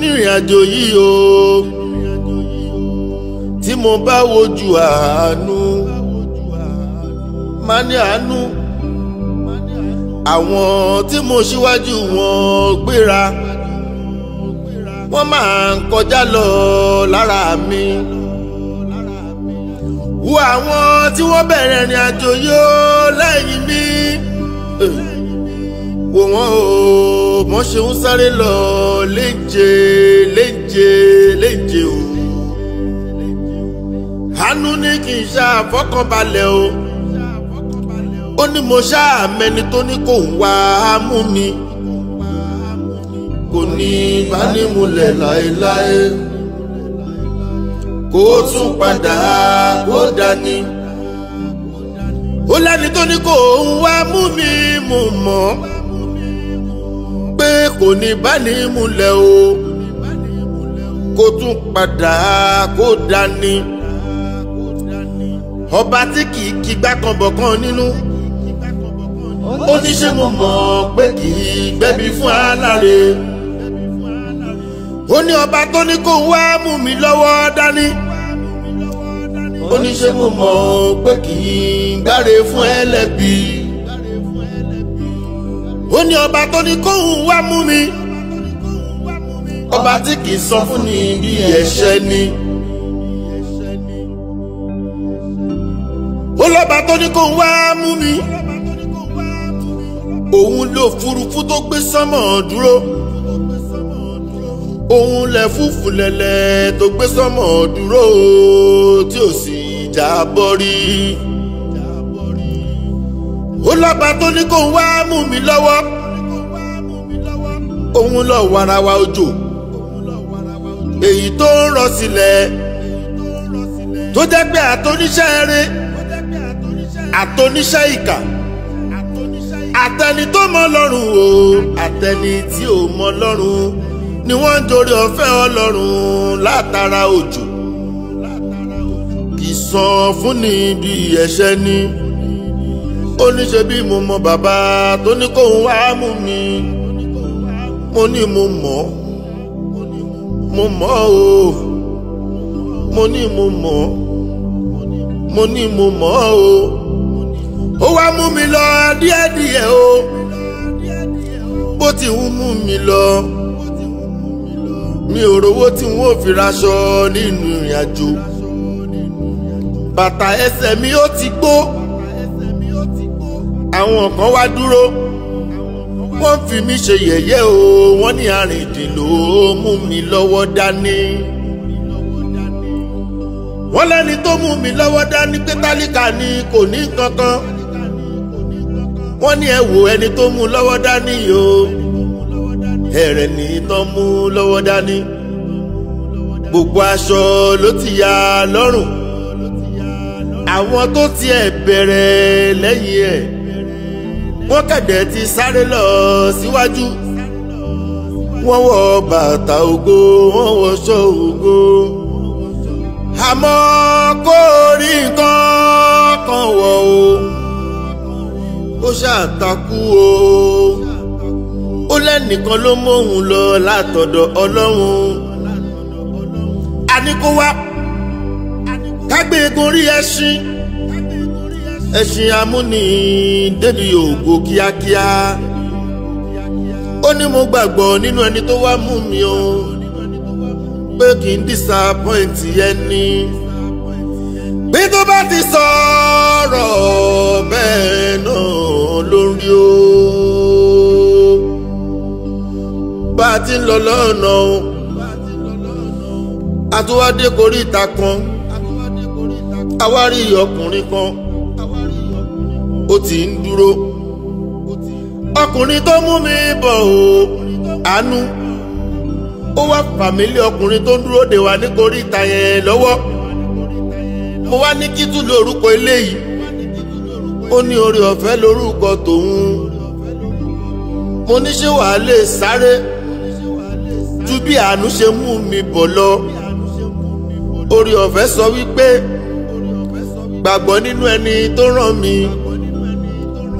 nínú ìrìn àjò yìí o tí mo bá wojú àánú má ní àánú àwọn tí mo ṣíwájú wọn gbéra wọ́n máa ń kọjá lọ lára mi wo àwọn tí wọ́n bẹ̀rẹ̀ ìrìn àjò yìí o lẹ́yìn mi wò wọ́n o wọ́n ṣe ń sáré lọ léje léje léje o àánú ní kì í ṣá àfọkànbalẹ̀ o ó ní mo ṣá àmẹni tó ní kò ń wá a mú ni kò ní ìbánimúlẹ̀ láéláé kó tún padà kó dání ó lẹ́ni tó ní kò ń wá mú mi mú mọ́ kò ní bá ní múlẹ̀ o kó tún padà kó dání ọba tí kì í kígbá kan nínú ó ní ṣé mo mọ̀ pé kì í gbẹ̀bí fún aláre ó ní ọba tó ní kó wá mú mi lọ́wọ́ dání ó ní ṣé mo mọ̀ pé kì í gbáre fún ẹlẹ́bí ó ní ọba tó ní kóhùn wá mú mi ọba tí kì í sọ fún ni bí ẹ̀ṣẹ̀ ni. ó lọ́ba tó ní kóhùn wá mú mi òun ló furufú tó gbé sánmọ̀ dúró òun lẹ̀ fúfú lẹ̀lẹ̀ tó gbé sánmọ̀ dúró tí ò sì jábọ́ rí ó lọ́ba tó ní kó wá mú mi lọ́wọ́ òun lọ warawa òjò èyí tó ń rọ sílẹ̀ tó jẹ́ pé àtọ́níṣẹ́ eré àtọ́níṣẹ́ ìkà àtẹni tó mọ lọ́rùn o àtẹni tí ò mọ lọ́rùn ni wọ́n ń torí ọ̀fẹ́ ọlọ́run látara òjò kì í san fúnni bí ẹ̀ṣẹ̀ ni ó ní ṣe bí mo mọ bàbá tó ní kóun wá mú mi mo ní mo mọ̀ mo mọ̀ o mo ní mo mọ̀ mo ní mo mọ̀ o ó wá mú mi lọ díẹ̀díẹ̀ o bó ti ń mú mi lọ mi ò rówó tí n ó fi raṣọ nínú ìrìn bàtà ẹsẹ̀ mi ó ti gbó àwọn kan wá dúró wọ́n fi mí ṣe yẹ̀yẹ́ o wọ́n ní àrìndìn ló mú mi lọ́wọ́ dání wọ́n lẹ́ni tó mú mi lọ́wọ́ dání pé tálíkà ni kò ní kankan wọ́n ní ẹ wò ẹni tó mú lọ́wọ́ dání o ẹ̀rẹ̀ ni tó mú lọ́wọ́ dání gbogbo aṣọ ló ti ya lọ́rùn àwọn tó tiẹ̀ bẹ̀rẹ̀ lẹ́yìn ẹ̀ wọ́n kẹ̀dẹ̀ ti sáré lọ síwájú wọ́n wọ bàtà ògo wọ́n wọṣọ ògo àmọ́ kò rí nǹkan kan wọ̀ o ó ṣàtàkù o ó lẹ́nìkan ló móhun lọ látọ̀dọ̀ ọlọ́run a ní kó wá kágbéegun rí ẹṣin ẹṣin amúni débi ògo kíákíá ó ní mo gbàgbọ́ nínú ẹni tó wá mú mi o pé kì í disappoint ẹni bí tó bá ti sọ̀rọ̀ bẹ́ẹ̀ náà lórí o bá a ti ń lọ lọ́nà o àtúwádé koríta kan àwárí ọkùnrin kan ó ti ń dúró ọkùnrin tó mú mi bọ̀ ò àánú ó wá fàmílì ọkùnrin tó ń dúró dè wá nítorí ìta yẹn lọ́wọ́ mo wá ní kí tún lórúkọ eléyìí ó ní oore ọ̀fẹ́ lórúkọ tòun mo ní ṣé wàá lè sáré ju bí àánú ṣe mú mi bọ̀ lọ oore ọ̀fẹ́ sọ wípé gbàgbọ́ nínú ẹni tó rán mi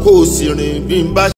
kó o sì rìn bí n bá.